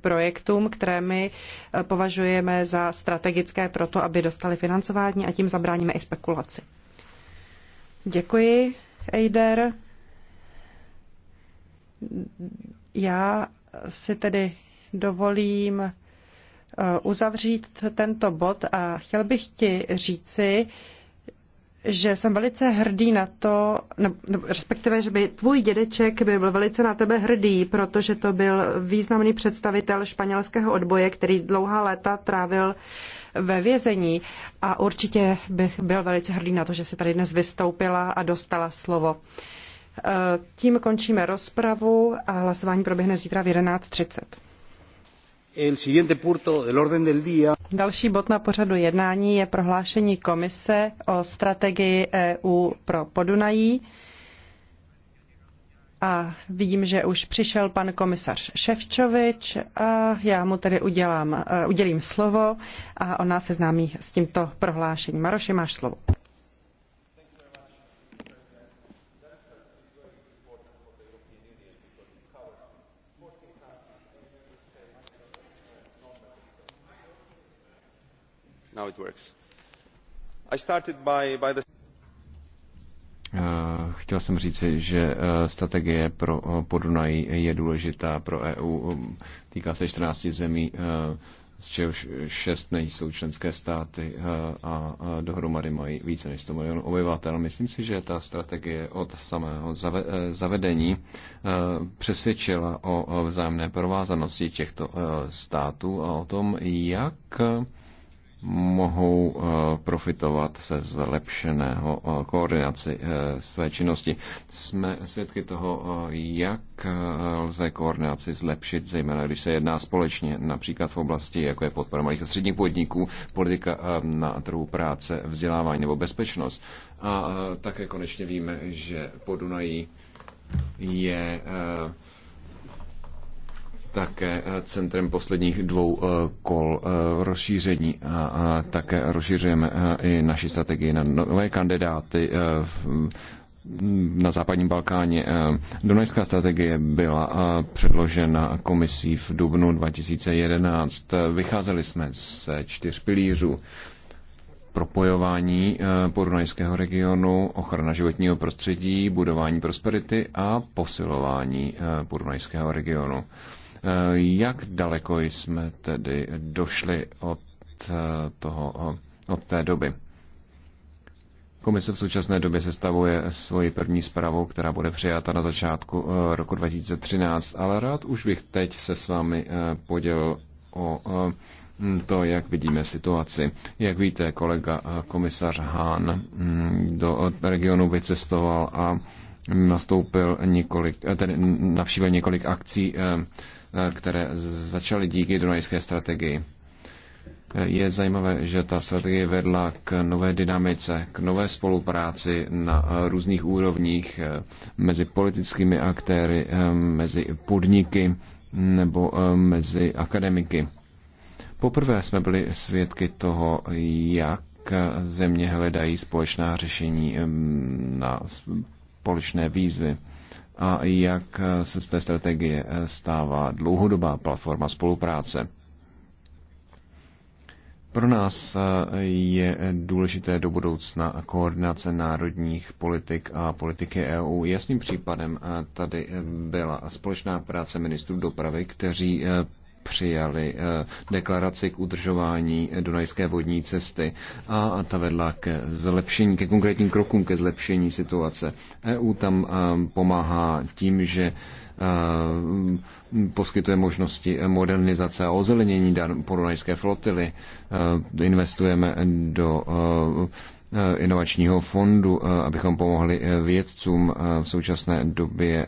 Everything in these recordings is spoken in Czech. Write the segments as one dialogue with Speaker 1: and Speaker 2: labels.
Speaker 1: projektům, které my eh, považujeme za strategické pro to, aby dostali financování a tím zabráníme i spekulaci. Děkuji, Eider. Já si tedy dovolím eh, uzavřít tento bod a chtěl bych ti říci, že jsem velice hrdý na to, nebo, respektive, že by tvůj dědeček by byl velice na tebe hrdý, protože to byl významný představitel španělského odboje, který dlouhá léta trávil ve vězení a určitě bych byl velice hrdý na to, že si tady dnes vystoupila a dostala slovo. E, tím končíme rozpravu a hlasování proběhne zítra v 11.30. Další bod na pořadu jednání je prohlášení komise o strategii EU pro Podunají. A vidím, že už přišel pan komisař Ševčovič a já mu tedy udělám, eh, udělím slovo a on nás seznámí s tímto prohlášením. Maroši, máš slovo.
Speaker 2: Now it works. I started by, by the... Eh, chtěl jsem říci, že eh, strategie pro eh, Podunají je důležitá pro EU. Týká se 14 zemí, z čehož 6 nejsou členské státy a dohromady mají více než 100 milionů obyvatel. Myslím si, že ta strategie od samého zavedení přesvědčila o vzájemné provázanosti těchto států a o tom, jak mohou eh, profitovat se zlepšeného eh, koordinaci eh, své činnosti. Jsme svědky toho, jak lze koordinaci zlepšit, zejména když se jedná společně, například v oblasti, jako je podpora malých a středních podniků, politika na trhu práce, vzdělávání nebo bezpečnost. A také konečně víme, že Podunají je také eh, centrem posledních dvou eh, kol eh, rozšíření a také rozšířujeme i naši strategii na no-, nové kandidáty mm, na západním Balkáně. Dunajská strategie byla předložena komisí v dubnu 2011. Vycházeli jsme z čtyř pilířů propojování podunajského regionu, ochrana životního prostředí, budování prosperity a posilování podunajského regionu. Eh, jak daleko jsme tedy došli od, eh, toho, eh, od té doby? Komise v současné době sestavuje svoji první zprávu, která bude přijata na začátku roku 2013, ale rád už bych teď se s vámi podělil o to, jak vidíme situaci. Jak víte, kolega komisař Hahn mm, do regionu vycestoval a nastoupil několik, tedy navštívil několik akcí Eh, které začaly díky Dunajské strategii. Eh, je zajímavé, že ta strategie vedla k nové dynamice, k nové spolupráci na eh, různých úrovních mezi politickými aktéry, mezi podniky nebo mezi akademiky. Poprvé jsme byli svědky toho, jak země hledají společná řešení na společné výzvy a jak se z té strategie stává dlouhodobá platforma spolupráce. Pro nás je důležité do budoucna koordinace národních politik a politiky EU. Jasným případem tady byla společná práce ministrů dopravy, kteří přijali eh, deklaraci k udržování Dunajské vodní cesty a ta vedla ke zlepšení, ke konkrétním krokům ke zlepšení situace. EU tam eh, pomáhá tím, že eh, poskytuje možnosti modernizace a ozelenění podunajské flotily. Investujeme do inovačního fondu, abychom pomohli vědcům. V současné době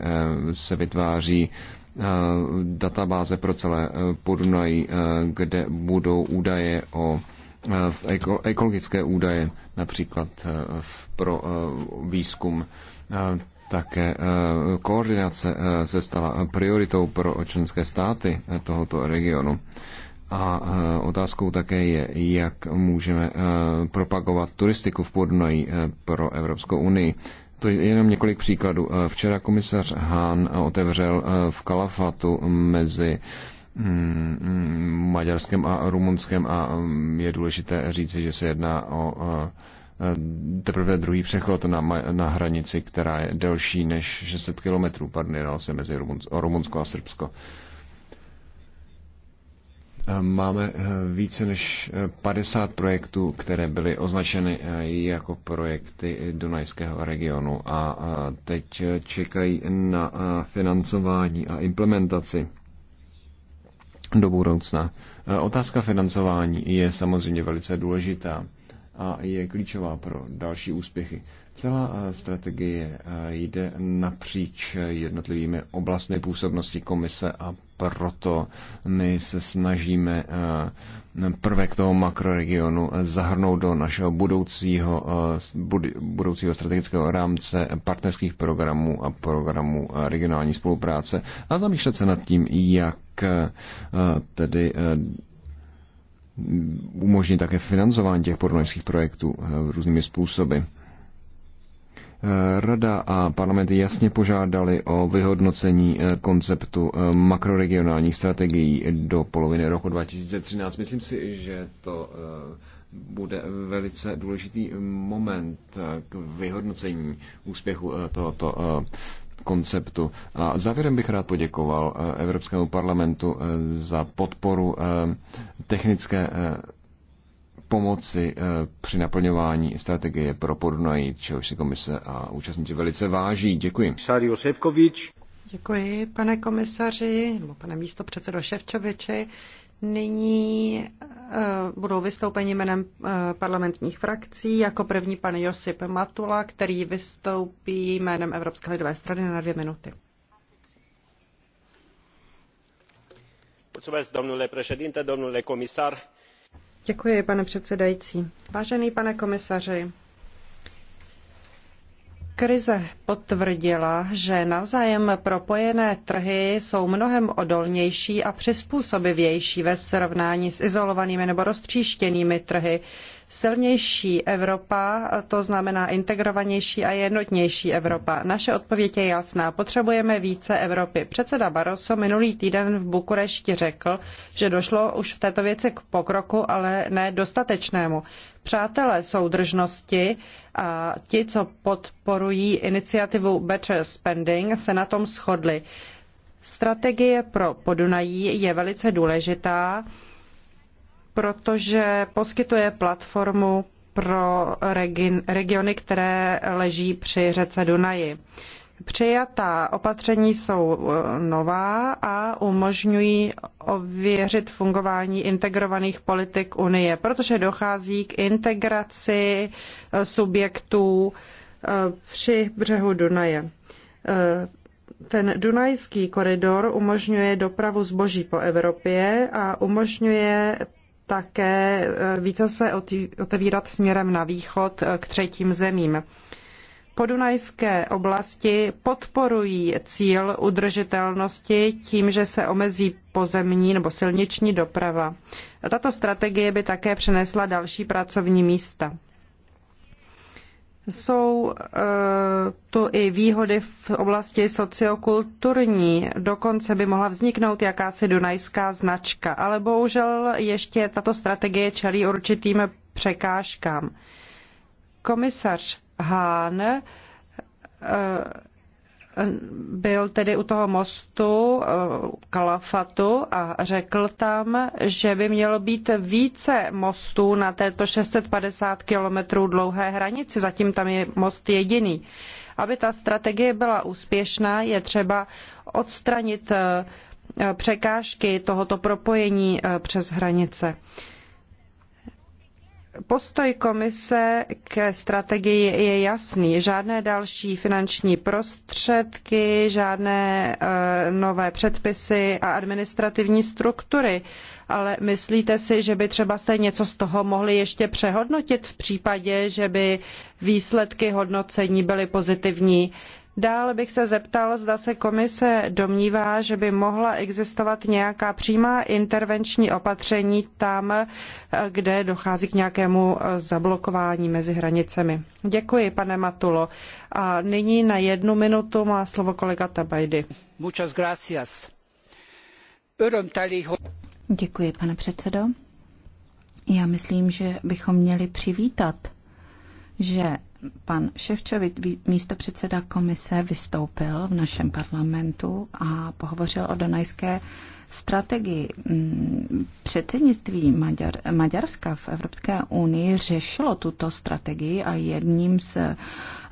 Speaker 2: se vytváří Eh, databáze pro celé eh, Podunají, eh, kde budou údaje o ekologické údaje, například pro výzkum. Také koordinace se stala prioritou pro členské státy tohoto regionu. A otázkou také je, jak můžeme propagovat turistiku v Podunají pro Evropskou unii. To je jenom několik příkladů. Eh, včera komisař Hahn eh, otevřel eh, v Kalafatu mezi mm, mm, maďarském a rumunském a mm, je důležité říci, že se jedná o teprve druhý přechod na, na hranici, která je delší než 600 kilometrů, pardon, se mezi Rumunsko a Srbsko máme eh, více než 50 eh, projektů, které byly označeny eh, jako projekty Dunajského regionu a teď čekají na financování a implementaci do budoucna. Otázka financování je samozřejmě velice důležitá a je klíčová pro další úspěchy. Celá strategie jde napříč jednotlivými oblastmi působnosti komise a proto my se snažíme eh, prvek toho makroregionu zahrnout do našeho budoucího, eh, budoucího strategického rámce partnerských programů a programů regionální spolupráce a zamýšlet se nad tím, jak eh, tedy umožnit také financování těch podnožských projektů různými způsoby. Rada a parlament jasně požádali o vyhodnocení eh, konceptu eh, makroregionálních strategií do poloviny roku 2013. Myslím si, že to eh, bude velice důležitý moment k vyhodnocení úspěchu tohoto konceptu. A závěrem bych rád poděkoval Evropskému parlamentu za podporu technické pomoci eh, při naplňování strategie pro Podunají, čehož si komise a účastníci velice váží. Děkuji.
Speaker 1: Děkuji, pane komisaři, nebo pane místo předsedo Ševčoviči. Nyní uh, budou vystoupení jménem uh, parlamentních frakcí. Jako první pan Josip Matula, který vystoupí jménem Evropské lidové strany na dvě minuty.
Speaker 2: Mulțumesc, domnule președinte, domnule comisar
Speaker 1: Děkuji, pane předsedající. Vážený pane komisaři, Krize potvrdila, že navzájem propojené trhy jsou mnohem odolnější a přizpůsobivější ve srovnání s izolovanými nebo roztříštěnými trhy, Silnější Evropa, to znamená integrovanější a jednotnější Evropa. Naše odpověď je jasná. Potřebujeme více Evropy. Předseda Barroso minulý týden v Bukurešti řekl, že došlo už v této věci k pokroku, ale ne dostatečnému. Přátelé soudržnosti a ti, co podporují iniciativu Better Spending, se na tom shodli. Strategie pro Podunají je velice důležitá protože poskytuje platformu pro regiony, které leží při řece Dunaji. Přijatá opatření jsou eh, nová a umožňují ověřit fungování integrovaných politik Unie, protože dochází k integraci eh, subjektů eh, při břehu Dunaje. Ten Dunajský koridor umožňuje dopravu zboží po Evropě a umožňuje také eh, více se otevírat směrem na východ eh, k třetím zemím. Podunajské oblasti podporují cíl udržitelnosti tím, že se omezí pozemní nebo silniční doprava. Tato strategie by také přinesla další pracovní místa. Jsou eh, tu i výhody v oblasti sociokulturní. Dokonce by mohla vzniknout jakási dunajská značka, ale bohužel ještě tato strategie čelí určitým překážkám. Komisař Hahn eh, byl tedy u toho mostu eh, Kalafatu a řekl tam, že by mělo být více mostů na této 650 kilometrů dlouhé hranici, zatím tam je most jediný. Aby ta strategie byla úspěšná, je třeba odstranit eh, překážky tohoto propojení eh, přes hranice. Postoj komise ke strategii je jasný. Žádné další finanční prostředky, žádné eh, nové předpisy a administrativní struktury. Ale myslíte si, že by třeba se něco z toho mohli ještě přehodnotit v případě, že by výsledky hodnocení byly pozitivní? Uh, Dále bych se zeptal, zda se komise domnívá, že by mohla existovat nějaká přímá intervenční opatření tam, kde dochází k nějakému eh, zablokování mezi hranicemi. Děkuji, pane Matulo. A nyní na jednu minutu má slovo kolega Tabajdy.
Speaker 3: Muchas gracias. Děkuji, pane předsedo. Já myslím, že bychom měli přivítat, že pan Ševčovič, předseda komise, vystoupil v našem parlamentu a pohovořil o donajské strategii. Mm, předsednictví Maďar, Maďarska v Evropské unii řešilo tuto strategii a jedním z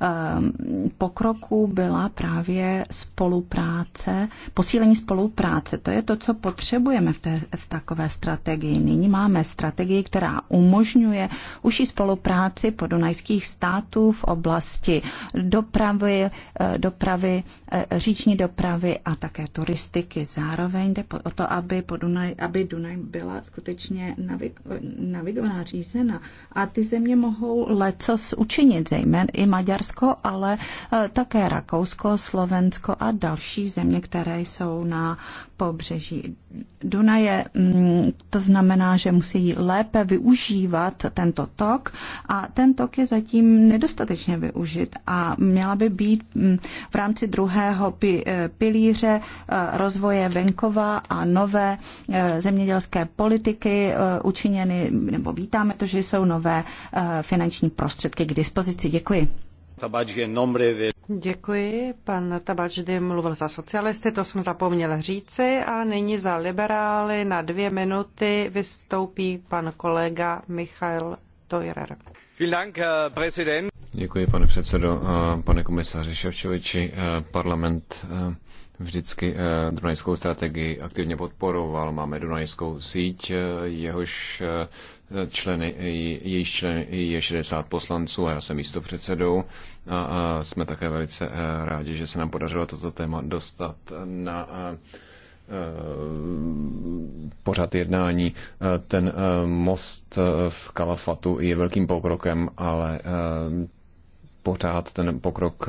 Speaker 3: Ehm, pokroku byla právě spolupráce, posílení spolupráce. To je to, co potřebujeme v, té, v takové strategii. Nyní máme strategii, která umožňuje užší spolupráci podunajských států v oblasti dopravy, eh, dopravy eh, říční dopravy a také turistiky. Zároveň jde o to, aby, Podunaj, aby Dunaj byla skutečně navigovaná, řízena. A ty země mohou leco učinit, zejména i Maďarsko Maďarsko, ale eh, také Rakousko, Slovensko a další země, které jsou na pobřeží Dunaje. Mm, to znamená, že musí lépe využívat tento tok a ten tok je zatím nedostatečně využit a měla by být mm, v rámci druhého eh, pilíře eh, rozvoje venkova a nové zemědělské politiky učiněny, nebo vítáme to, že jsou nové finanční prostředky k dispozici.
Speaker 1: Děkuji. Děkuji. Pan Tabačdy mluvil za socialisty, to jsem zapomněl říci. A nyní za liberály na dvě minuty vystoupí pan kolega Michal Teurer.
Speaker 2: Děkuji, pane předsedo, pane komisaři Ševčoviči. Eh, parlament eh, vždycky eh, Dunajskou strategii aktivně podporoval. Máme Dunajskou síť, jehož členy, jejíž členy je 60 poslanců a já jsem místo předsedou a, a jsme také velice eh, rádi, že se nám podařilo toto téma dostat na a, eh, eh, pořad jednání. Ten most v Kalafatu je velkým pokrokem, ale pořád ten pokrok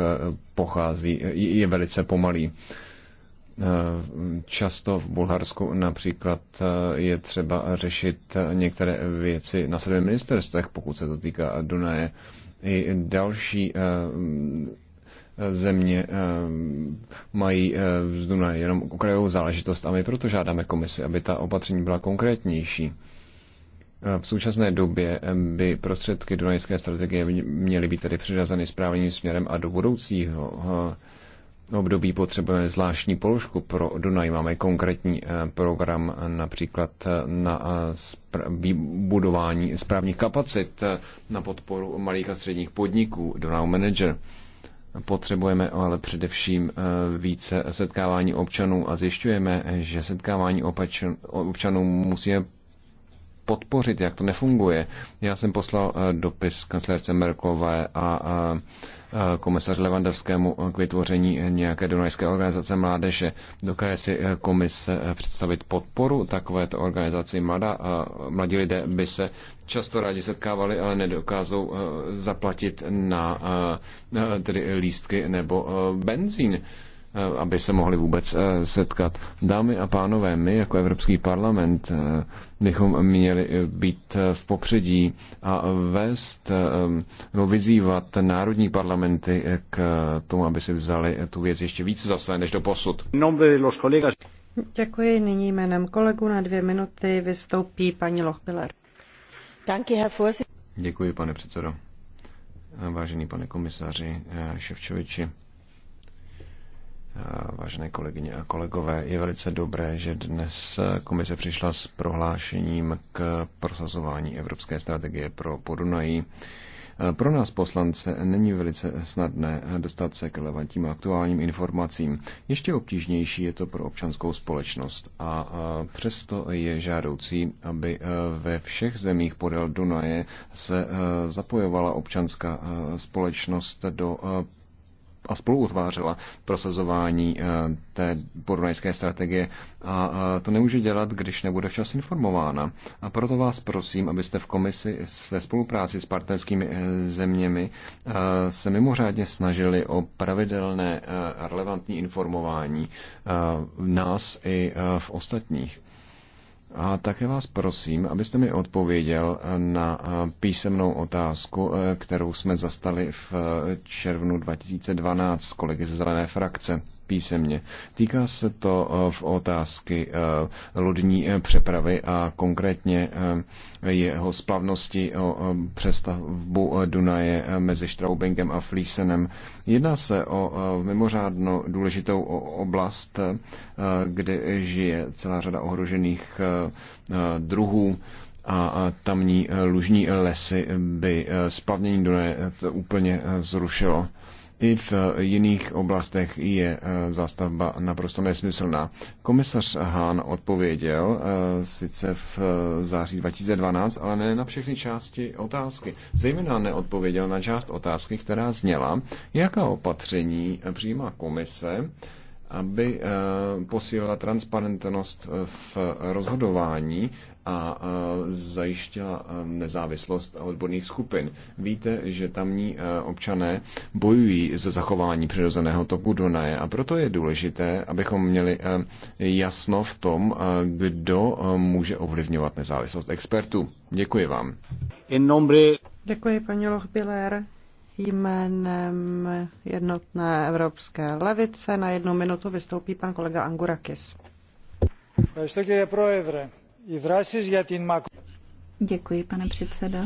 Speaker 2: pochází, je velice pomalý. Často v Bulharsku například eh, je třeba řešit eh, některé věci na sedmi ministerstvech, pokud se to týká Dunaje. I další eh, země mají z Dunaje jenom okrajovou záležitost a my proto žádáme komisi, aby ta opatření byla konkrétnější. V současné době by prostředky Dunajské strategie měly být tedy přiřazeny správným směrem a do budoucího období potřebujeme zvláštní položku pro Dunaj. Máme konkrétní eh, program eh, například eh, na budování správních kapacit na podporu malých a středních podniků Donau Manager. Potřebujeme ale především více setkávání občanů a zjišťujeme, že setkávání občanů musíme podpořit, jak to nefunguje. Já jsem poslal eh, dopis kancelářce Merklové a komisaři Levandovskému eh, k vytvoření nějaké dunajské organizace mládeže. Dokáže si eh, komise představit podporu takovéto organizaci mladá? Mladí lidé by se často rádi setkávali, ale nedokázou zaplatit na tedy lístky nebo benzín Eh, aby se mohli vůbec eh, setkat. Dámy a pánové, my jako Evropský parlament eh, bychom měli být v popředí a vést no, vyzývat národní parlamenty k tomu, aby si vzali tu věc ještě víc za své než do posud.
Speaker 1: Děkuji. Nyní jménem kolegu na dvě minuty vystoupí paní Lochbiller.
Speaker 2: Děkuji, pane předsedo. Vážený pane komisaři Ševčoviči vážené kolegyně a kolegové. Je velice dobré, že dnes komise přišla s prohlášením k prosazování Evropské strategie pro Podunají. Pro nás poslance není velice snadné dostat se k relevantním aktuálním informacím. Ještě obtížnější je to pro občanskou společnost a přesto je žádoucí, aby e, ve všech zemích podél Dunaje se e, zapojovala občanská e, společnost do a spoluutvářela prosazování eh, té podunajské strategie. A eh, to nemůže dělat, když nebude včas informována. A proto vás prosím, abyste v komisi ve spolupráci s partnerskými eh, zeměmi se mimořádně snažili o pravidelné relevantní informování nás i v ostatních. A také vás prosím, abyste mi odpověděl na písemnou otázku, eh, kterou jsme zastali v eh, červnu 2012 kolegy z Zelené frakce písemně. Týká se to eh, v otázky eh, lodní eh, přepravy a konkrétně jeho splavnosti o přestavbu Dunaje mezi Straubingem a Flísenem. Jedná se o mimořádno důležitou oblast, kde žije celá řada ohrožených druhů a tamní lužní lesy by splavnění Dunaje úplně zrušilo i v eh, jiných oblastech je eh, zástavba naprosto nesmyslná. Komisař Hahn odpověděl eh, sice v září 2012, ale ne na všechny části otázky. Zejména neodpověděl na část otázky, která zněla, jaká opatření přijímá komise, aby eh, posílila transparentnost eh, v rozhodování a eh, zajištila nezávislost odborných skupin. Víte, že tamní občané bojují za zachování přirozeného toku Dunaje a proto je důležité, abychom měli jasno v tom, kdo může ovlivňovat nezávislost expertů. Děkuji vám.
Speaker 1: Děkuji, paní Lochbiller jménem jednotné evropské levice. Na jednu minutu vystoupí pan kolega Angurakis. Děkuji, pane předsedo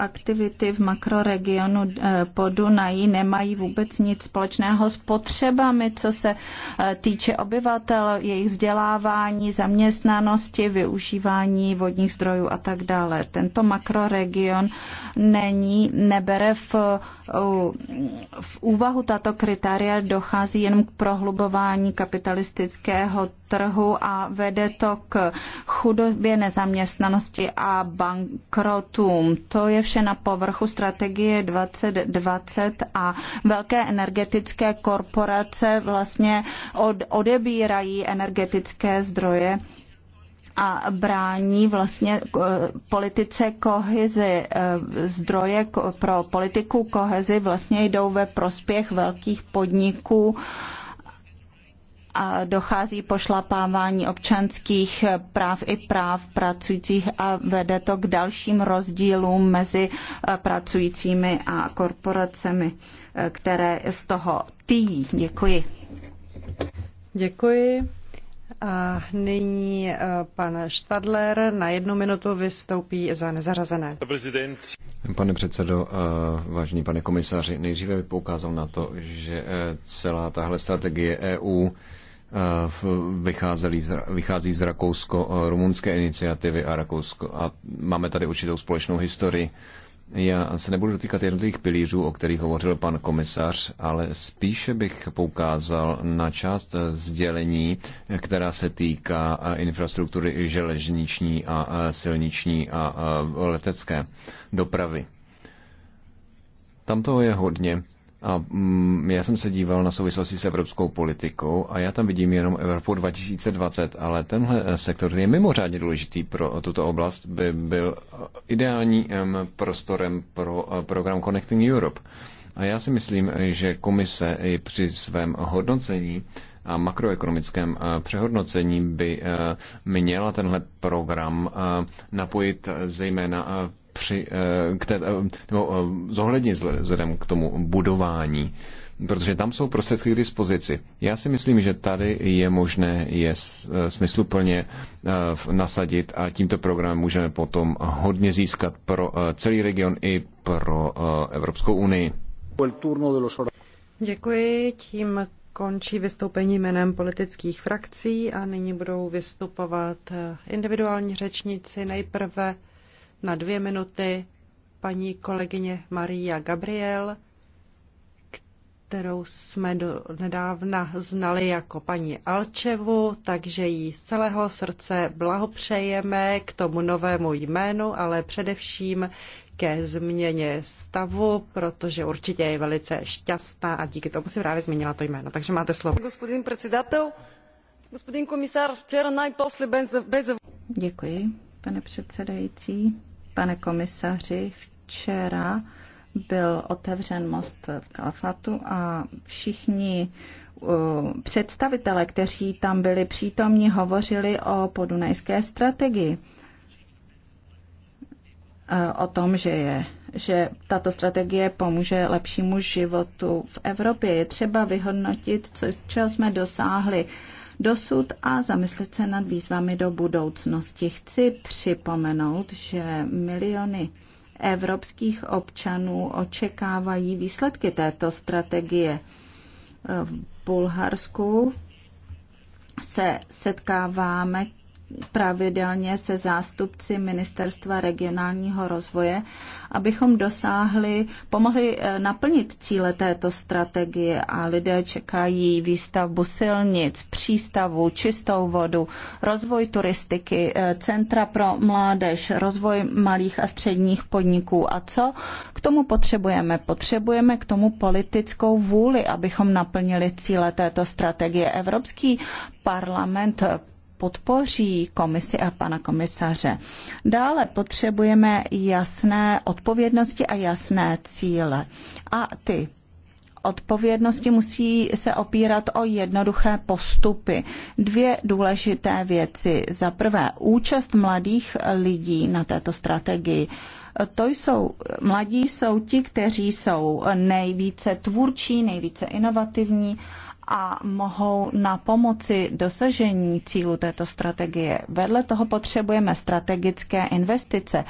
Speaker 3: aktivity v makroregionu eh, po Dunaji nemají vůbec nic společného s potřebami, co se eh, týče obyvatel, jejich vzdělávání, zaměstnanosti, využívání vodních zdrojů a tak dále. Tento makroregion není, nebere v, eh, v úvahu tato kritéria, dochází jenom k prohlubování kapitalistického trhu a vede to k chudobě, nezaměstnanosti a bankrotům. To je vše na povrchu strategie 2020 a velké energetické korporace vlastně od, odebírají energetické zdroje a brání vlastně eh, politice kohezi. Eh, zdroje pro politiku kohezi vlastně jdou ve prospěch velkých podniků dochází pošlapávání občanských práv i práv pracujících a vede to k dalším rozdílům mezi eh, pracujícími a korporacemi, eh, které z toho
Speaker 1: tyjí. Děkuji. Děkuji. A nyní eh, pan Štadler na jednu minutu vystoupí za nezařazené.
Speaker 2: Pane předsedo, eh, vážený pane komisaři, nejdříve bych poukázal na to, že eh, celá tahle strategie EU vychází z rakousko-rumunské iniciativy a Rakousko a máme tady určitou společnou historii. Já se nebudu dotýkat jednotlivých pilířů, o kterých hovořil pan komisař, ale spíše bych poukázal na část sdělení, která se týká infrastruktury železniční a silniční a letecké dopravy. Tam toho je hodně a mm, já jsem se díval na souvislosti s evropskou politikou a já tam vidím jenom Evropu 2020, ale tenhle eh, sektor je mimořádně důležitý pro eh, tuto oblast, by byl eh, ideálním prostorem pro program Connecting Europe. A já si myslím, že komise i při svém hodnocení a makroekonomickém přehodnocení by měla tenhle program napojit zejména při, eh, k té, eh, nebo eh, zohlednit vzhledem k tomu budování, protože tam jsou prostředky k dispozici. Já si myslím, že tady je možné je smysluplně nasadit a tímto programem můžeme potom hodně získat pro celý region i pro Evropskou unii.
Speaker 1: Děkuji, tím končí vystoupení jménem politických frakcí a nyní budou vystupovat individuální řečníci nejprve na dvě minuty paní kolegyně Maria Gabriel, kterou jsme do nedávna znali jako paní Alčevu, takže jí z celého srdce blahopřejeme k tomu novému jménu, ale především ke změně stavu, protože určitě je velice šťastná a díky tomu si právě změnila to jméno. Takže máte slovo. Gospodin předsedatel, gospodin komisár, včera
Speaker 3: najposle bez... bez... Děkuji, pane předsedající. Pane komisaři, včera byl otevřen most v Kalafatu a všichni eh, představitelé, kteří tam byli přítomní, hovořili o podunajské strategii. Eh, o tom, že je že tato strategie pomůže lepšímu životu v Evropě. Je třeba vyhodnotit, co, čeho jsme dosáhli dosud a zamyslet se nad výzvami do budoucnosti. Chci připomenout, že miliony evropských občanů očekávají výsledky této strategie. V Bulharsku se setkáváme pravidelně se zástupci Ministerstva regionálního rozvoje, abychom dosáhli, pomohli eh, naplnit cíle této strategie a lidé čekají výstavbu silnic, přístavu, čistou vodu, rozvoj turistiky, eh, centra pro mládež, rozvoj malých a středních podniků. A co k tomu potřebujeme? Potřebujeme k tomu politickou vůli, abychom naplnili cíle této strategie. Evropský parlament podpoří komisi a pana komisaře. Dále potřebujeme jasné odpovědnosti a jasné cíle. A ty odpovědnosti musí se opírat o jednoduché postupy. Dvě důležité věci. Za prvé, účast mladých lidí na této strategii. To jsou, mladí jsou ti, kteří jsou nejvíce tvůrčí, nejvíce inovativní a mohou na pomoci dosažení cílu této strategie. Vedle toho potřebujeme strategické investice.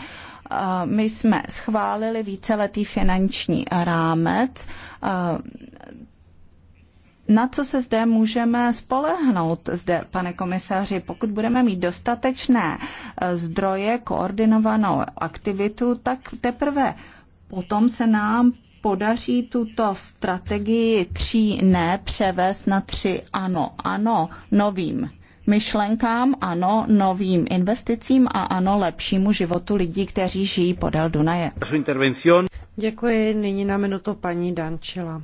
Speaker 3: My jsme schválili víceletý finanční rámec na co se zde můžeme spolehnout zde, pane komisaři, pokud budeme mít dostatečné e, zdroje, koordinovanou aktivitu, tak teprve potom se nám podaří tuto strategii tří ne převést na tři ano. Ano novým myšlenkám, ano novým investicím a ano lepšímu životu lidí, kteří žijí podél Dunaje.
Speaker 1: Děkuji. Nyní na minuto paní Dančila.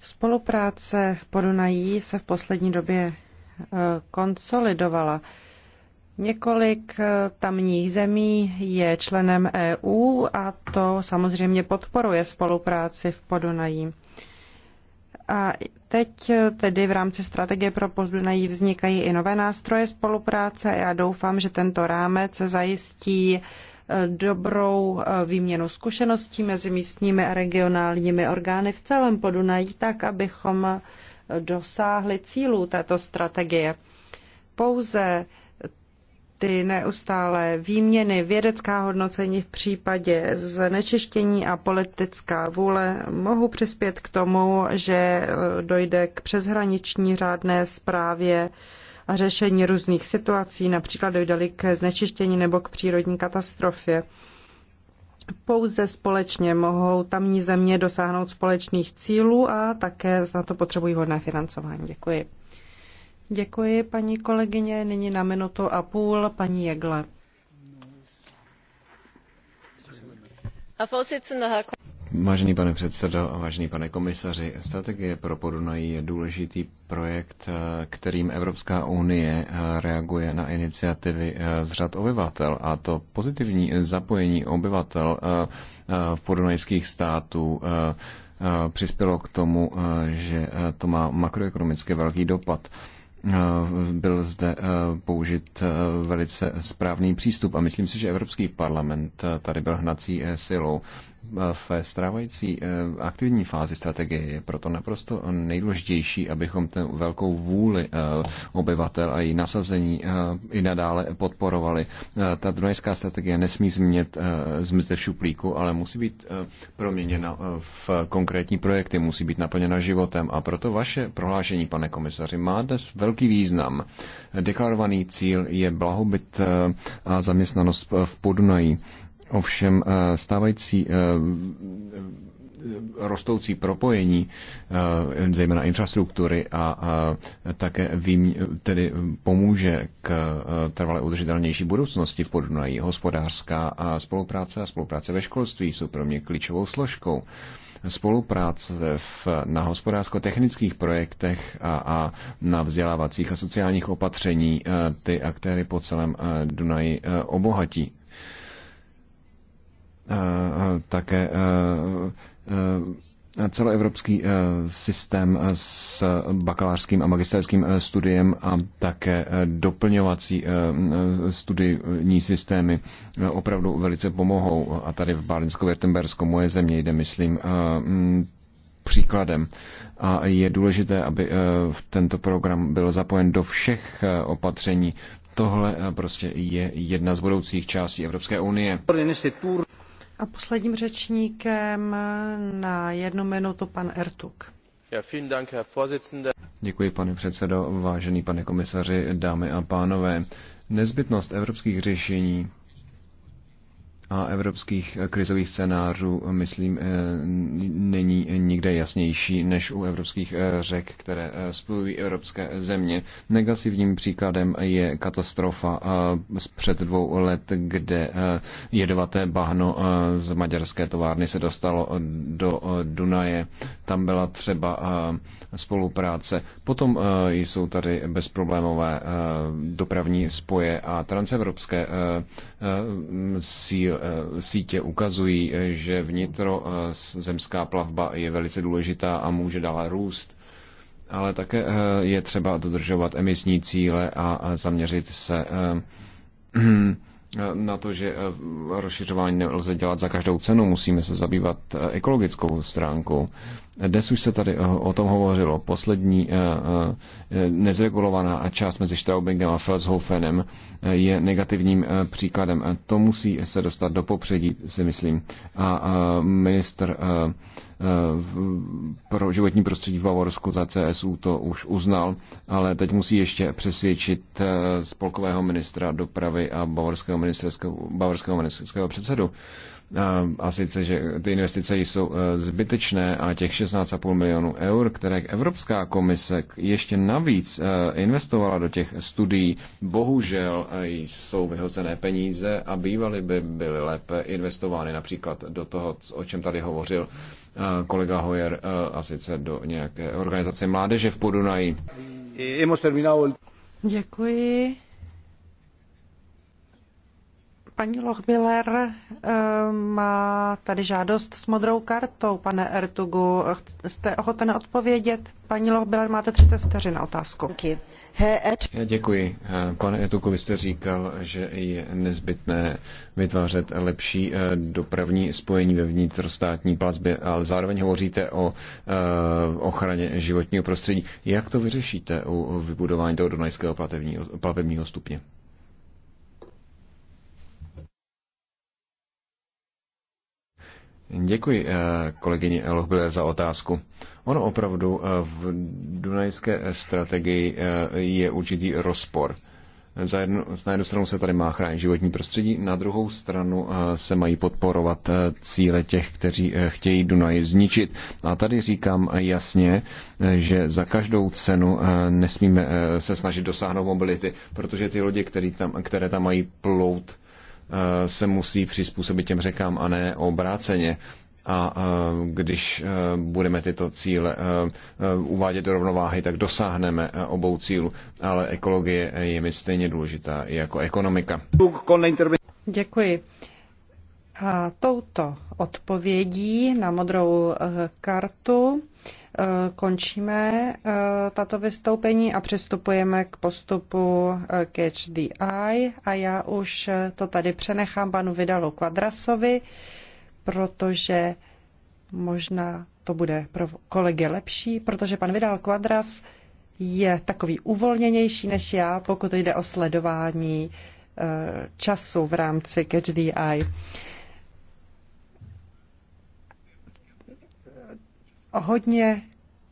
Speaker 1: Spolupráce po Dunají se v poslední době eh, konsolidovala. Několik eh, tamních zemí je členem EU a to samozřejmě podporuje spolupráci v Podunají. A teď eh, tedy v rámci strategie pro Podunají vznikají i nové nástroje spolupráce a já doufám, že tento rámec zajistí eh, dobrou výměnu zkušeností mezi místními a regionálními orgány v celém Podunají, tak abychom dosáhli cílů této strategie. Pouze ty neustále výměny, vědecká hodnocení v případě znečištění a politická vůle mohou přispět k tomu, že eh, dojde k přeshraniční řádné zprávě a řešení různých situací, například dojde k znečištění nebo k přírodní katastrofě. Pouze společně mohou tamní země dosáhnout společných cílů a také na to potřebují hodné financování. Děkuji. Děkuji, paní kolegyně. Nyní na minutu a půl paní Jegle.
Speaker 2: Vážený pane předsedo a vážený pane komisaři, strategie pro Podunají je důležitý projekt, kterým Evropská unie reaguje na iniciativy z řad obyvatel a to pozitivní zapojení obyvatel v eh, eh, podunajských států eh, přispělo k tomu, že to má makroekonomicky velký dopad. Eh, byl zde eh, použit eh, velice správný přístup a myslím si, že Evropský parlament tady byl hnací silou v strávající eh, aktivní fázi strategie je proto naprosto nejdůležitější, abychom ten velkou vůli eh, obyvatel a její nasazení eh, i nadále podporovali. Ta dunajská strategie nesmí změnit zmizet šuplíku, ale musí být proměněna v konkrétní projekty, musí být naplněna životem a proto vaše prohlášení, pane komisaři, má dnes velký význam. Deklarovaný cíl je blahobyt a zaměstnanost v Podunají Ovšem eh, stávající eh, eh, rostoucí propojení, zejména infrastruktury a také vím, tedy pomůže k trvale udržitelnější budoucnosti v Podunají. Hospodářská spolupráce a spolupráce ve školství jsou pro mě klíčovou složkou spolupráce v, na hospodářsko-technických projektech a, a na vzdělávacích a sociálních opatření ty aktéry po celém Dunaji obohatí. Eh, eh, také eh, celoevropský systém s bakalářským a magisterským studiem a také doplňovací studijní systémy opravdu velice pomohou. A tady v Bálinsko-Württembersko moje země jde, myslím, příkladem. A je důležité, aby tento program byl zapojen do všech opatření. Tohle prostě je jedna z budoucích částí Evropské unie. A
Speaker 1: posledním řečníkem na jednu minutu pan Ertuk.
Speaker 2: Děkuji, pane předsedo, vážený pane komisaři, dámy a pánové. Nezbytnost evropských řešení a evropských eh, krizových scénářů, eh, myslím, eh, není nikde jasnější než u evropských řek, které spojují evropské země. Negativním příkladem je katastrofa z před dvou let, kde jedovaté bahno z maďarské továrny se dostalo do Dunaje. Tam byla třeba spolupráce. Potom jsou tady bezproblémové dopravní spoje a transevropské síly Eh, sítě ukazují, eh, že vnitrozemská eh, plavba je velice důležitá a může dále růst. Ale také je třeba dodržovat emisní cíle a zaměřit se na to, že eh, rozšiřování nelze dělat za každou cenu, musíme se zabývat eh, ekologickou stránkou. Dnes už se tady eh, o tom hovořilo. Poslední nezregulovaná část mezi Straubingem a Felshofenem je negativním příkladem. To musí se dostat do popředí, si myslím. A minister Eh, pro životní prostředí v Bavorsku za CSU to už uznal, ale teď musí ještě přesvědčit eh, spolkového ministra dopravy a bavorského ministerského, bavorského ministerského předsedu. Eh, a sice, že ty investice jsou zbytečné a těch 16,5 milionů eur, které Evropská komise ještě navíc investovala do těch studií, bohužel jsou vyhozené peníze a bývaly by byly lépe investovány například do toho, o čem tady hovořil Eh, kolega Hoyer eh, a sice do nějaké organizace mládeže v Podunaji. Děkuji.
Speaker 1: Paní Lochbiller eh, má tady žádost s modrou kartou, pane Ertugu. Jste ochoten odpovědět? Paní Lochbiller, máte 30 vteřin na otázku.
Speaker 2: Děkuji. Eh, pane Ertugu, vy jste říkal, že je nezbytné vytvářet lepší eh, dopravní spojení ve vnitrostátní plazbě, ale zároveň hovoříte o ochraně životního prostředí. Jak to vyřešíte u vybudování toho dunajského plavebního stupně? Děkuji eh, kolegyni Lohbile za otázku. Ono opravdu eh, v dunajské strategii eh, je určitý rozpor. Za jednu, na jednu stranu se tady má chránit životní prostředí, na druhou stranu se mají podporovat cíle těch, kteří chtějí Dunaj zničit. A tady říkám jasně, že za každou cenu nesmíme se snažit dosáhnout mobility, protože ty lodi, tam, které tam mají plout, Eh, se musí přizpůsobit těm řekám a ne obráceně. A eh, když eh, budeme tyto cíle uvádět do rovnováhy, tak dosáhneme obou cílů. Ale ekologie je mi stejně důležitá i jako ekonomika.
Speaker 1: Děkuji. A touto odpovědí na modrou kartu Eh, končíme eh, tato vystoupení a přistupujeme k postupu eh, Catch the Eye a já už to tady přenechám panu Vidalu Quadrasovi, protože možná to bude pro kolegy lepší, protože pan Vidal Quadras je takový uvolněnější než já, pokud jde o sledování času v rámci Catch the Eye. Hodně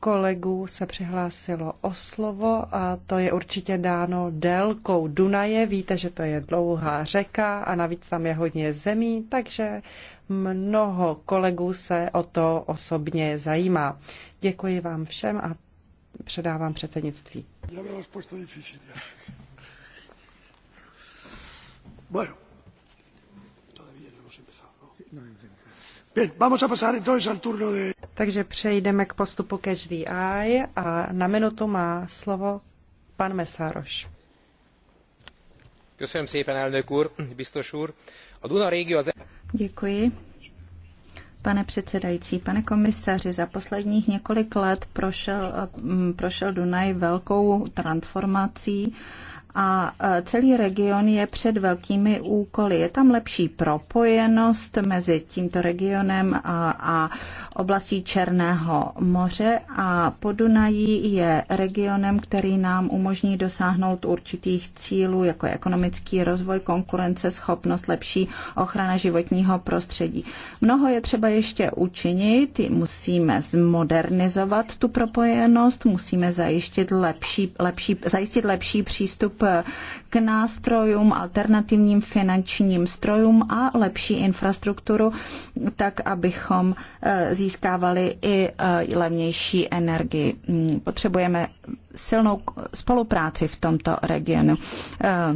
Speaker 1: kolegů se přihlásilo o slovo a to je určitě dáno délkou Dunaje. Víte, že to je dlouhá řeka a navíc tam je hodně zemí, takže mnoho kolegů se o to osobně zajímá. Děkuji vám všem a předávám předsednictví.
Speaker 2: Bueno, todavía no hemos empezado, ¿no? Sí, no, no.
Speaker 1: Takže přejdeme k postupu Catch the Eye a na minutu má slovo pan Mesároš. Děkuji.
Speaker 3: Pane předsedající, pane komisaři, za posledních několik let prošel, prošel Dunaj velkou transformací a e, celý region je před velkými úkoly. Je tam lepší propojenost mezi tímto regionem a, a oblastí Černého moře a Podunají je regionem, který nám umožní dosáhnout určitých cílů, jako je ekonomický rozvoj, konkurence schopnost, lepší ochrana životního prostředí. Mnoho je třeba ještě učinit, musíme zmodernizovat tu propojenost, musíme zajistit lepší, lepší, zajistit lepší přístup k nástrojům, alternativním finančním strojům a lepší infrastrukturu, tak abychom eh, získávali i eh, levnější energii. Mm, potřebujeme silnou spolupráci v tomto regionu. Eh,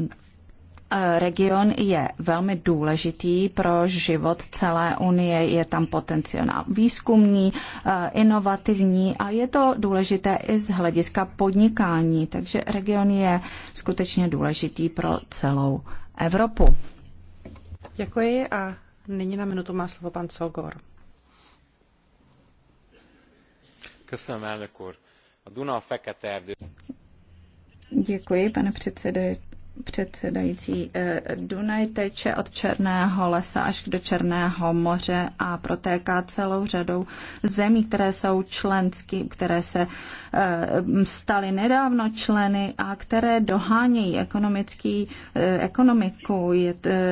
Speaker 3: Eh, region je velmi důležitý pro život celé Unie. Je tam potenciál výzkumný, eh, inovativní a je to důležité i z hlediska podnikání. Takže region je skutečně důležitý pro celou Evropu.
Speaker 1: Děkuji a nyní na minutu má slovo pan Sogor.
Speaker 2: Köszönöm, elnök úr. A a Fekete
Speaker 3: Děkuji, pane předsedající předsedající. Eh, Dunaj teče od Černého lesa až do Černého moře a protéká celou řadou zemí, které jsou členské, které se eh, staly nedávno členy a které dohánějí ekonomický, eh, ekonomiku.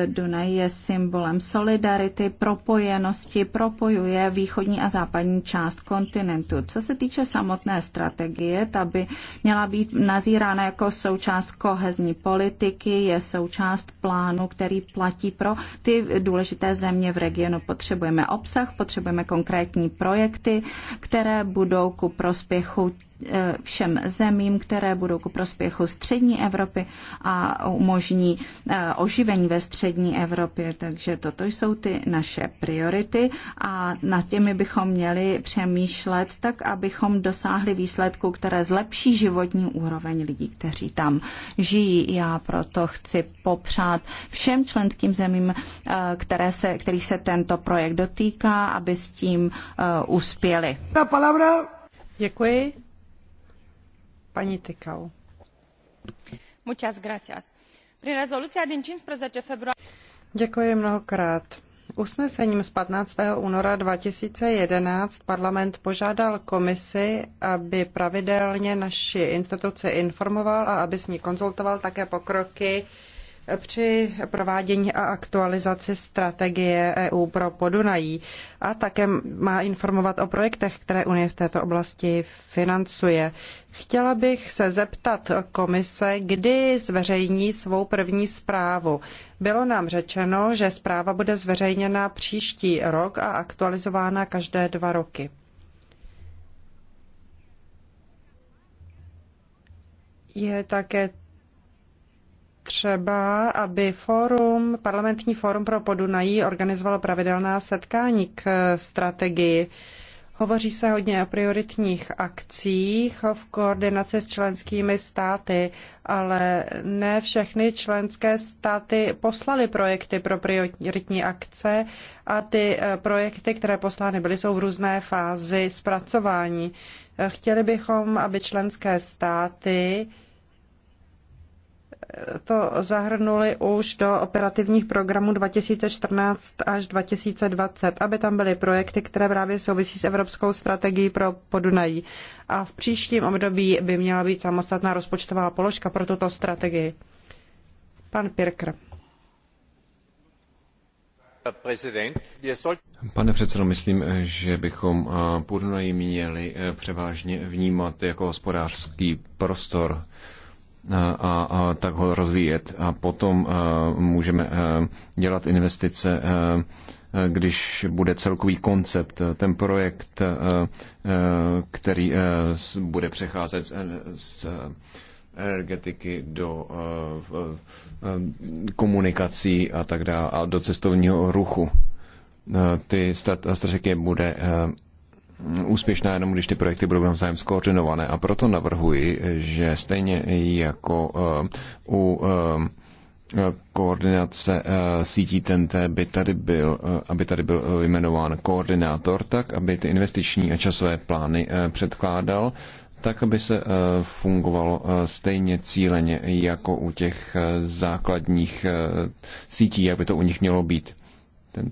Speaker 3: Dunaj je symbolem solidarity, propojenosti, propojuje východní a západní část kontinentu. Co se týče samotné strategie, ta by měla být nazírána jako součást kohezní politiky politiky je součást plánu, který platí pro ty důležité země v regionu. Potřebujeme obsah, potřebujeme konkrétní projekty, které budou ku prospěchu Eh, všem zemím, které budou ku prospěchu střední Evropy a umožní eh, oživení ve střední Evropě. Takže toto jsou ty naše priority a nad těmi bychom měli přemýšlet tak, abychom dosáhli výsledku, které zlepší životní úroveň lidí, kteří tam žijí. Já proto chci popřát všem členským zemím, eh, které se, který se tento projekt dotýká, aby s tím uspěli.
Speaker 1: Děkuji. Paní Tykau. Muchas gracias. din 15 februáře... Děkuji mnohokrát. Usnesením z 15. února 2011 parlament požádal komisi, aby pravidelně naši instituce informoval a aby s ní konzultoval také pokroky při provádění a aktualizaci strategie EU pro Podunají a také má informovat o projektech, které Unie v této oblasti financuje. Chtěla bych se zeptat komise, kdy zveřejní svou první zprávu. Bylo nám řečeno, že zpráva bude zveřejněna příští rok a aktualizována každé dva roky. Je také třeba, aby forum parlamentní fórum pro Podunají organizovalo pravidelná setkání k strategii. Hovoří se hodně o prioritních akcích v koordinaci s členskými státy, ale ne všechny členské státy poslaly projekty pro prioritní akce a ty eh, projekty, které poslány byly, jsou v různé fázi zpracování. Chtěli bychom, aby členské státy to zahrnuli už do operativních programů 2014 až 2020, aby tam byly projekty, které právě souvisí s Evropskou strategií pro Podunají. A v příštím období by měla být samostatná rozpočtová položka pro tuto strategii. Pan Pirkr.
Speaker 2: Pane předsedo, myslím, že bychom eh, Podunají měli eh, převážně vnímat jako hospodářský prostor a, a tak ho rozvíjet. A potom e, můžeme e, dělat investice, e, když bude celkový koncept, ten projekt, který bude přecházet z energetiky do komunikací a tak dále a do cestovního ruchu. Ty strategie bude úspěšná jenom, když ty projekty budou navzájem skoordinované. A proto navrhuji, že stejně jako eh, u eh, koordinace eh, sítí TNT by tady byl, aby tady byl jmenován koordinátor, tak aby ty investiční a časové plány předkládal, tak aby se fungovalo stejně cíleně jako u těch základních sítí, jak by to u nich mělo být. Ten,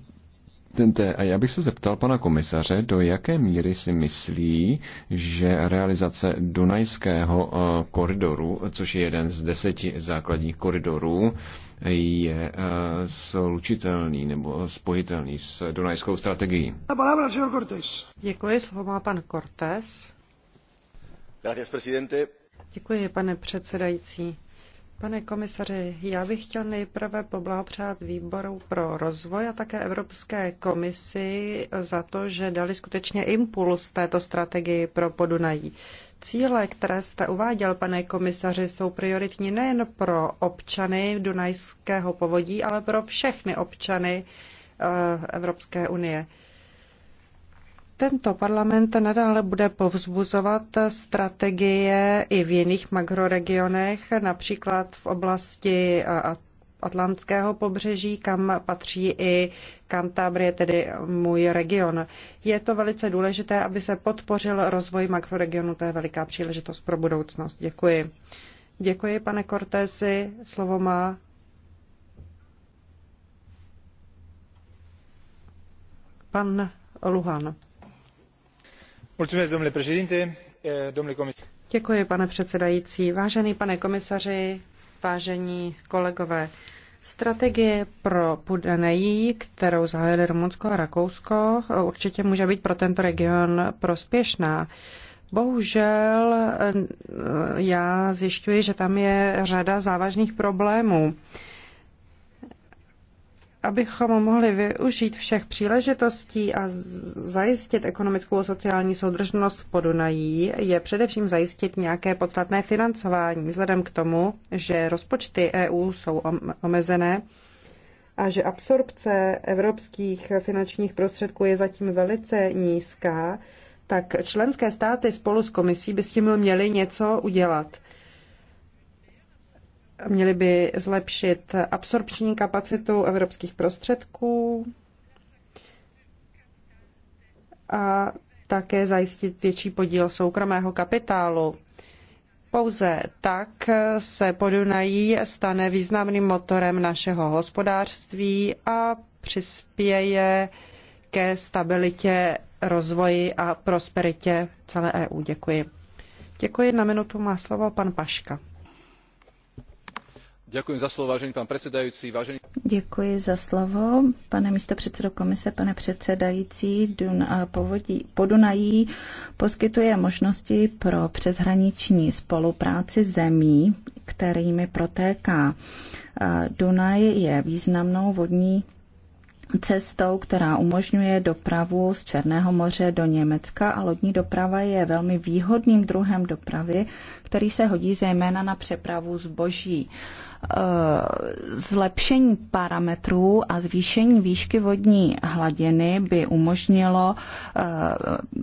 Speaker 2: a já bych se zeptal pana komisaře, do jaké míry si myslí, že realizace Dunajského eh, koridoru, což je jeden z deseti základních koridorů, je eh, slučitelný nebo spojitelný s Dunajskou strategií.
Speaker 1: Děkuji, slovo má pan Cortés. Děkuji, pane předsedající Pane komisaři, já bych chtěl nejprve poblahopřát výboru pro rozvoj a také Evropské komisi za to, že dali skutečně impuls této strategii pro Podunají. Cíle, které jste uváděl, pane komisaři, jsou prioritní nejen pro občany Dunajského povodí, ale pro všechny občany eh, Evropské unie. Tento parlament nadále bude povzbuzovat strategie i v jiných makroregionech, například v oblasti Atlantského pobřeží, kam patří i Kantábrie, tedy můj region. Je to velice důležité, aby se podpořil rozvoj makroregionu. To je veliká příležitost pro budoucnost. Děkuji. Děkuji, pane Cortési. Slovo má pan Luhan. E, Děkuji, pane předsedající. Vážený pane komisaři, vážení kolegové, strategie pro podunají kterou zahájili Rumunsko a Rakousko, určitě může být pro tento region prospěšná. Bohužel e, já zjišťuji, že tam je řada závažných problémů abychom mohli využít všech příležitostí a zajistit ekonomickou a sociální soudržnost v podunají, je především zajistit nějaké podstatné financování, vzhledem k tomu, že rozpočty EU jsou omezené a že absorpce evropských finančních prostředků je zatím velice nízká, tak členské státy spolu s komisí by s tím měly něco udělat. Měli by zlepšit absorpční kapacitu evropských prostředků a také zajistit větší podíl soukromého kapitálu. Pouze tak se Podunají stane významným motorem našeho hospodářství a přispěje ke stabilitě, rozvoji a prosperitě celé EU. Děkuji. Děkuji. Na minutu má slovo pan Paška.
Speaker 2: Děkuji za slovo, vážený pan předsedající. Vážený...
Speaker 3: Děkuji za slovo, pane místopředsedo komise, pane předsedající. Dun, eh, povodí, Podunají poskytuje možnosti pro přeshraniční spolupráci zemí, kterými protéká. Eh, Dunaj je významnou vodní cestou, která umožňuje dopravu z Černého moře do Německa a lodní doprava je velmi výhodným druhem dopravy, který se hodí zejména na přepravu zboží. E, zlepšení parametrů a zvýšení výšky vodní hladiny by umožnilo e,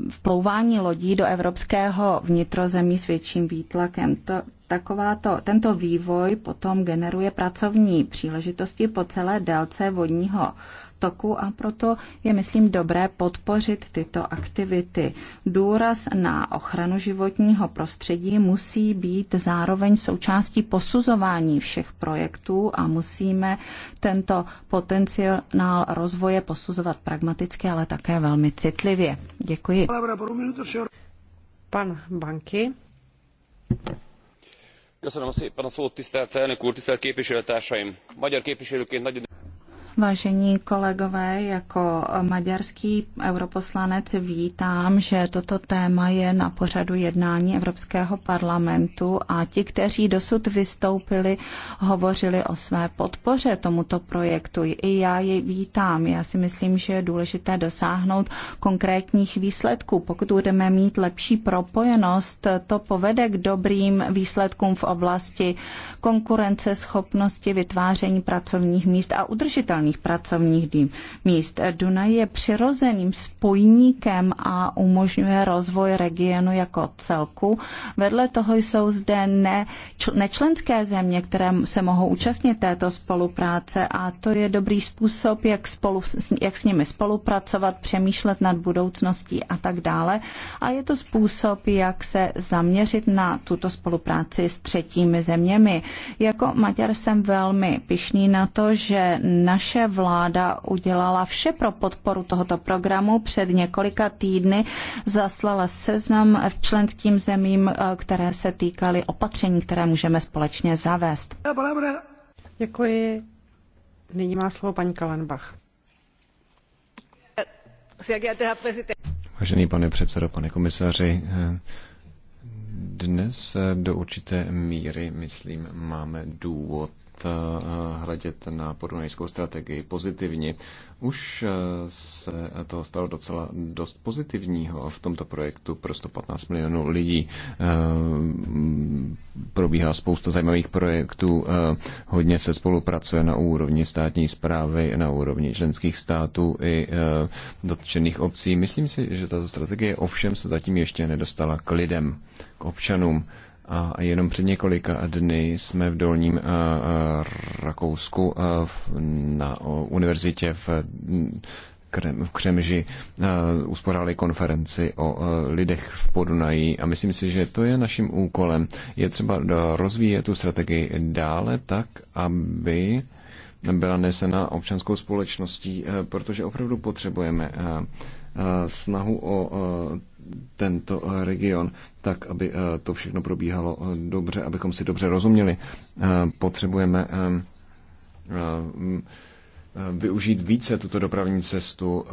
Speaker 3: vplouvání lodí do evropského vnitrozemí s větším výtlakem. To, takováto, tento vývoj potom generuje pracovní příležitosti po celé délce vodního toku a proto je, myslím, dobré podpořit tyto aktivity. Důraz na ochranu životního prostředí musí musí být zároveň součástí posuzování všech projektů a musíme tento potenciál rozvoje posuzovat pragmaticky, ale také
Speaker 1: velmi citlivě. Děkuji. Pan Banky.
Speaker 2: Köszönöm szépen a szót, tisztelt elnök úr, tisztelt képviselőtársaim! Magyar képviselőként nagyon...
Speaker 3: Vážení kolegové, jako maďarský europoslanec vítám, že toto téma je na pořadu jednání Evropského parlamentu a ti, kteří dosud vystoupili, hovořili o své podpoře tomuto projektu. I já ji vítám. Já si myslím, že je důležité dosáhnout konkrétních výsledků. Pokud budeme mít lepší propojenost, to povede k dobrým výsledkům v oblasti konkurenceschopnosti, vytváření pracovních míst a udržitelnosti udržitelných pracovních míst. Dunaj je přirozeným spojníkem a umožňuje rozvoj regionu jako celku. Vedle toho jsou zde ne, nečlenské země, které se mohou účastnit této spolupráce a to je dobrý způsob, jak, spolu, jak s nimi spolupracovat, přemýšlet nad budoucností a tak dále. A je to způsob, jak se zaměřit na tuto spolupráci s třetími zeměmi. Jako Maďar jsem velmi pišný na to, že naš vaše vláda udělala vše pro podporu tohoto programu. Před několika týdny zaslala seznam v členským zemím, eh, které se týkaly opatření, které můžeme společně zavést.
Speaker 1: Děkuji. Nyní má slovo paní Kalenbach.
Speaker 2: Vážený pane předsedo, pane komisaři, eh, dnes eh, do určité míry, myslím, máme důvod Eh, hledět na podunajskou strategii pozitivně. Už eh, se toho stalo docela dost pozitivního v tomto projektu pro 115 milionů lidí. Eh, probíhá spousta zajímavých projektů, hodně se spolupracuje na úrovni státní zprávy, na úrovni členských států i dotčených obcí. Myslím si, že tato strategie ovšem se zatím ještě nedostala k lidem, k občanům a jenom před několika dny jsme v Dolním Rakousku na univerzitě v v Křemži uspořádali konferenci o lidech v Podunají a myslím si, že to je naším úkolem. Je třeba rozvíjet tu strategii dále tak, aby byla nesena občanskou společností, protože opravdu potřebujeme snahu o tento eh, region, tak aby eh, to všechno probíhalo eh, dobře, abychom si dobře rozuměli. Potřebujeme využít více tuto dopravní cestu,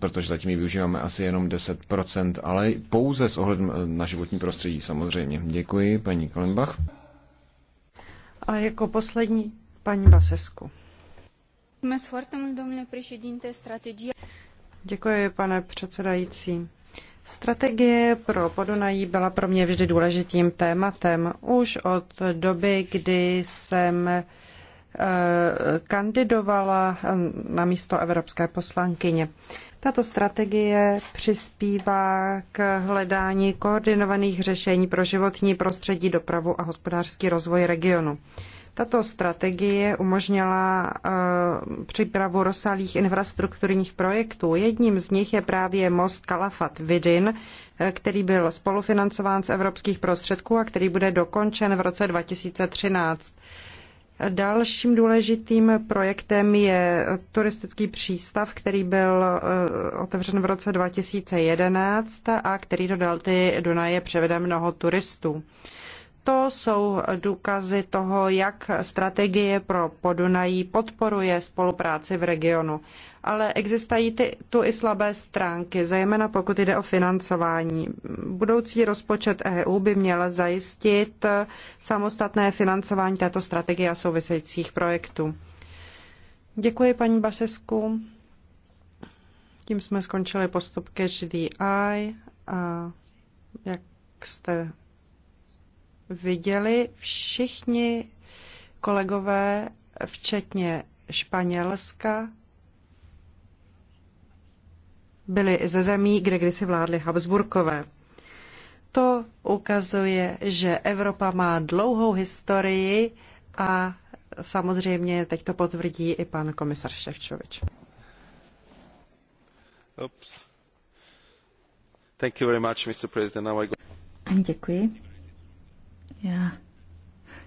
Speaker 2: protože zatím ji využíváme asi jenom 10%, ale pouze s ohledem na životní prostředí samozřejmě. Děkuji, paní Kolenbach.
Speaker 1: A jako poslední paní Basesku. Děkuji, pane předsedající. Strategie pro Podunají byla pro mě vždy důležitým tématem. Už od doby, kdy jsem eh, kandidovala eh, na místo evropské poslankyně. Tato strategie přispívá k hledání koordinovaných řešení pro životní prostředí, dopravu a hospodářský rozvoj regionu. Tato strategie umožnila eh, přípravu rozsáhlých infrastrukturních projektů. Jedním z nich je právě most Kalafat Vidin, eh, který byl spolufinancován z evropských prostředků a který bude dokončen v roce 2013. Dalším důležitým projektem je turistický přístav, který byl eh, otevřen v roce 2011 a který do delty Dunaje převede mnoho turistů to jsou důkazy toho, jak strategie pro Podunají podporuje spolupráci v regionu. Ale existují ty, tu i slabé stránky, zejména pokud jde o financování. Budoucí rozpočet EU by měl zajistit samostatné financování této strategie a souvisejících projektů. Děkuji paní Basesku. Tím jsme skončili postup Catch a jak jste viděli všichni kolegové, včetně Španělska, byli ze zemí, kde kdysi vládli Habsburkové. To ukazuje, že Evropa má dlouhou historii a samozřejmě teď to potvrdí i pan komisar Ševčovič. Oops. Thank you very much, Mr. President. Now I go... Děkuji.
Speaker 3: Já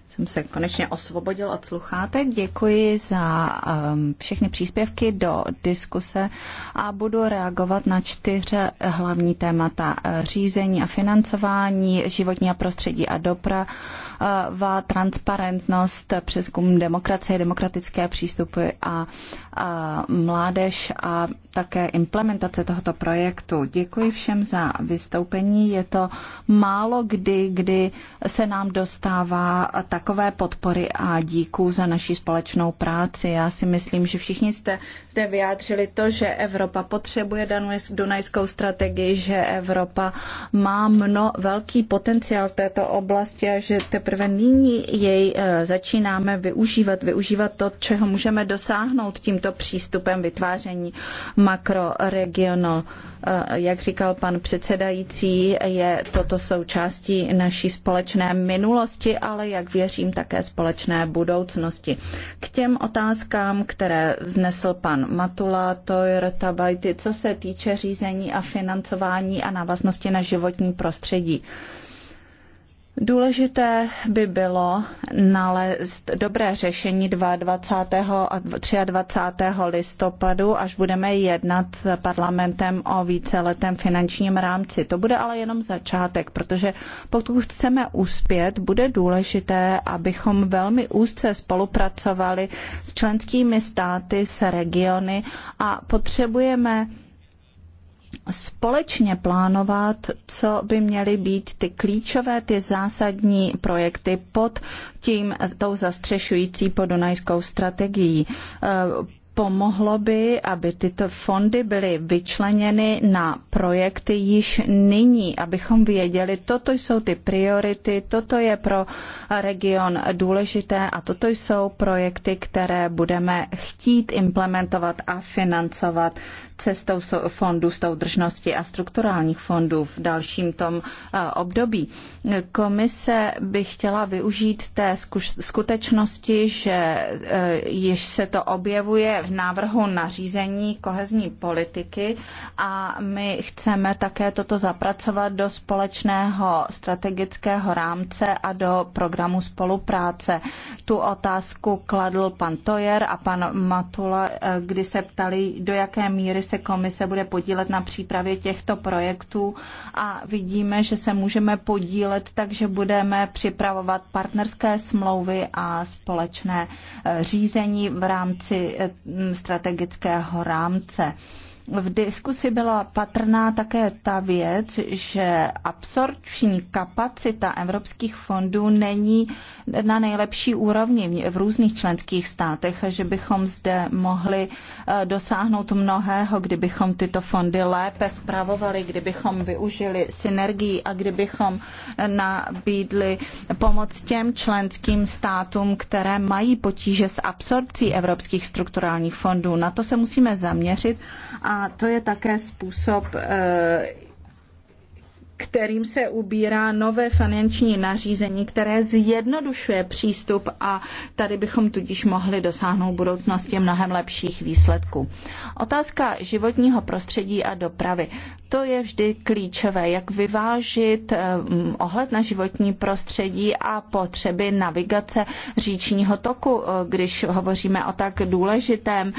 Speaker 3: jsem se konečně osvobodil od sluchátek. Děkuji za um, všechny příspěvky do diskuse a budu reagovat na čtyři hlavní témata řízení a financování, životní a prostředí a doprava transparentnost, přeskum demokracie, demokratické přístupy a, a mládež a také implementace tohoto projektu. Děkuji všem za vystoupení. Je to málo kdy, kdy se nám dostává takové podpory a díků za naši společnou práci. Já si myslím, že všichni jste zde vyjádřili to, že Evropa potřebuje Dunajskou strategii, že Evropa má mno, velký potenciál v této oblasti a že teprve teprve nyní jej eh, začínáme využívat, využívat to, čeho můžeme dosáhnout tímto přístupem vytváření makroregional eh, jak říkal pan předsedající, je toto součástí naší společné minulosti, ale jak věřím také společné budoucnosti. K těm otázkám, které vznesl pan Matula, Tojer, Tabajty, co se týče řízení a financování a návaznosti na životní prostředí. Důležité by bylo nalézt dobré řešení 22. a 23. listopadu, až budeme jednat s parlamentem o víceletém finančním rámci. To bude ale jenom začátek, protože pokud chceme uspět, bude důležité, abychom velmi úzce spolupracovali s členskými státy, s regiony a potřebujeme společně plánovat, co by měly být ty klíčové, ty zásadní projekty pod tím, tou zastřešující podunajskou strategií e, pomohlo by, aby tyto fondy byly vyčleněny na projekty již nyní, abychom věděli, toto jsou ty priority, toto je pro region důležité a toto jsou projekty, které budeme chtít implementovat a financovat cestou fondů soudržnosti a strukturálních fondů v dalším tom eh, období. Komise by chtěla využít té skutečnosti, že eh, již se to objevuje v návrhu nařízení kohezní politiky a my chceme také toto zapracovat do společného strategického rámce a do programu spolupráce. Tu otázku kladl pan Tojer a pan Matula, eh, kdy se ptali, do jaké míry se se komise bude podílet na přípravě těchto projektů a vidíme, že se můžeme podílet, takže budeme připravovat partnerské smlouvy a společné eh, řízení v rámci eh, strategického rámce. V diskusi byla patrná také ta věc, že absorpční kapacita evropských fondů není na nejlepší úrovni v různých členských státech a že bychom zde mohli eh, dosáhnout mnohého, kdybychom tyto fondy lépe zpravovali, kdybychom využili synergii a kdybychom eh, nabídli pomoc těm členským státům, které mají potíže s absorpcí evropských strukturálních fondů. Na to se musíme zaměřit a a to je také způsob eh, kterým se ubírá nové finanční nařízení, které zjednodušuje přístup a tady bychom tudíž mohli dosáhnout budoucnosti mnohem lepších výsledků. Otázka životního prostředí a dopravy. To je vždy klíčové, jak vyvážit eh, ohled na životní prostředí a potřeby navigace říčního toku, eh, když hovoříme o tak důležitém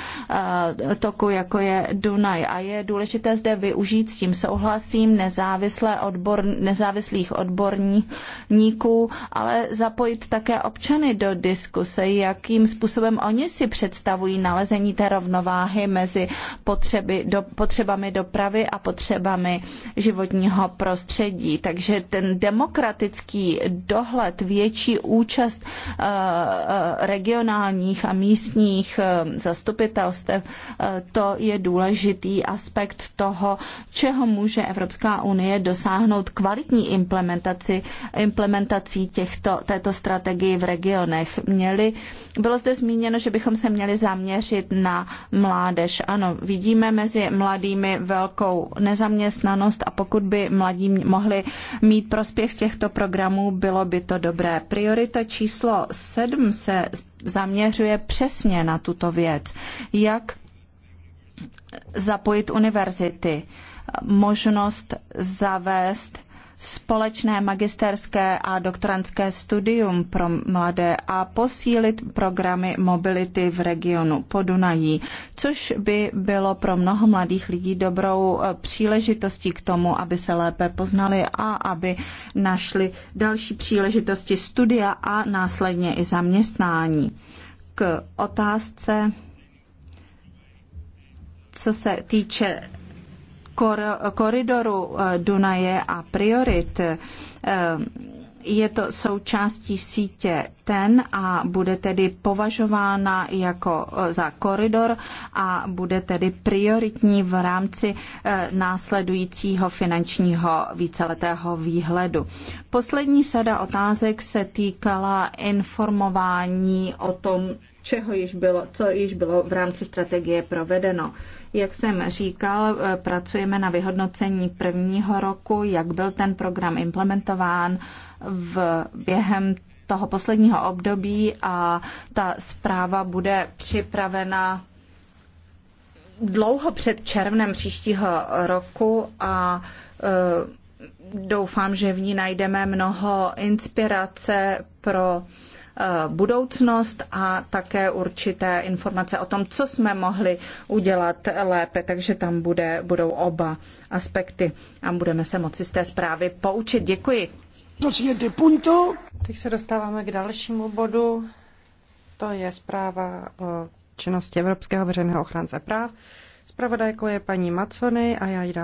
Speaker 3: eh, toku, jako je Dunaj. A je důležité zde využít, s tím souhlasím, nezávislé odbor, nezávislých odborníků, ale zapojit také občany do diskuse, jakým způsobem oni si představují nalezení té rovnováhy mezi potřeby, do, potřebami dopravy a potřebami potřebami životního prostředí. Takže ten demokratický dohled, větší účast eh, eh, regionálních a místních eh, zastupitelstev, to je důležitý aspekt toho, čeho může Evropská unie dosáhnout kvalitní implementaci, implementací těchto, této strategii v regionech. Měli, bylo zde zmíněno, že bychom se měli zaměřit na mládež. Ano, vidíme mezi mladými velkou nezaměstnanost nezaměstnanost a pokud by mladí mohli mít prospěch z těchto programů, bylo by to dobré. Priorita číslo 7 se zaměřuje přesně na tuto věc. Jak zapojit univerzity, možnost zavést společné magisterské a doktorantské studium pro mladé a posílit programy mobility v regionu Podunají, což by bylo pro mnoho mladých lidí dobrou eh, příležitostí k tomu, aby se lépe poznali a aby našli další příležitosti studia a následně i zaměstnání. K otázce, co se týče kor, koridoru eh, Dunaje a priorit. Eh, je to součástí sítě ten a bude tedy považována jako eh, za koridor a bude tedy prioritní v rámci následujícího finančního víceletého výhledu. Poslední sada otázek se týkala informování o tom, čeho již bylo, co již bylo v rámci strategie provedeno. Jak jsem říkal, eh, pracujeme na vyhodnocení prvního roku, jak byl ten program implementován v během toho posledního období a ta zpráva bude připravena dlouho před červnem příštího roku a eh, doufám, že v ní najdeme mnoho inspirace pro Eh, budoucnost a také určité informace o tom, co jsme mohli udělat lépe, takže tam bude, budou oba
Speaker 1: aspekty a budeme se moci z té zprávy poučit. Děkuji. Teď se dostáváme k dalšímu bodu. To je zpráva o činnosti Evropského veřejného ochránce práv. Zpravodajkou je paní Macony a já jí dám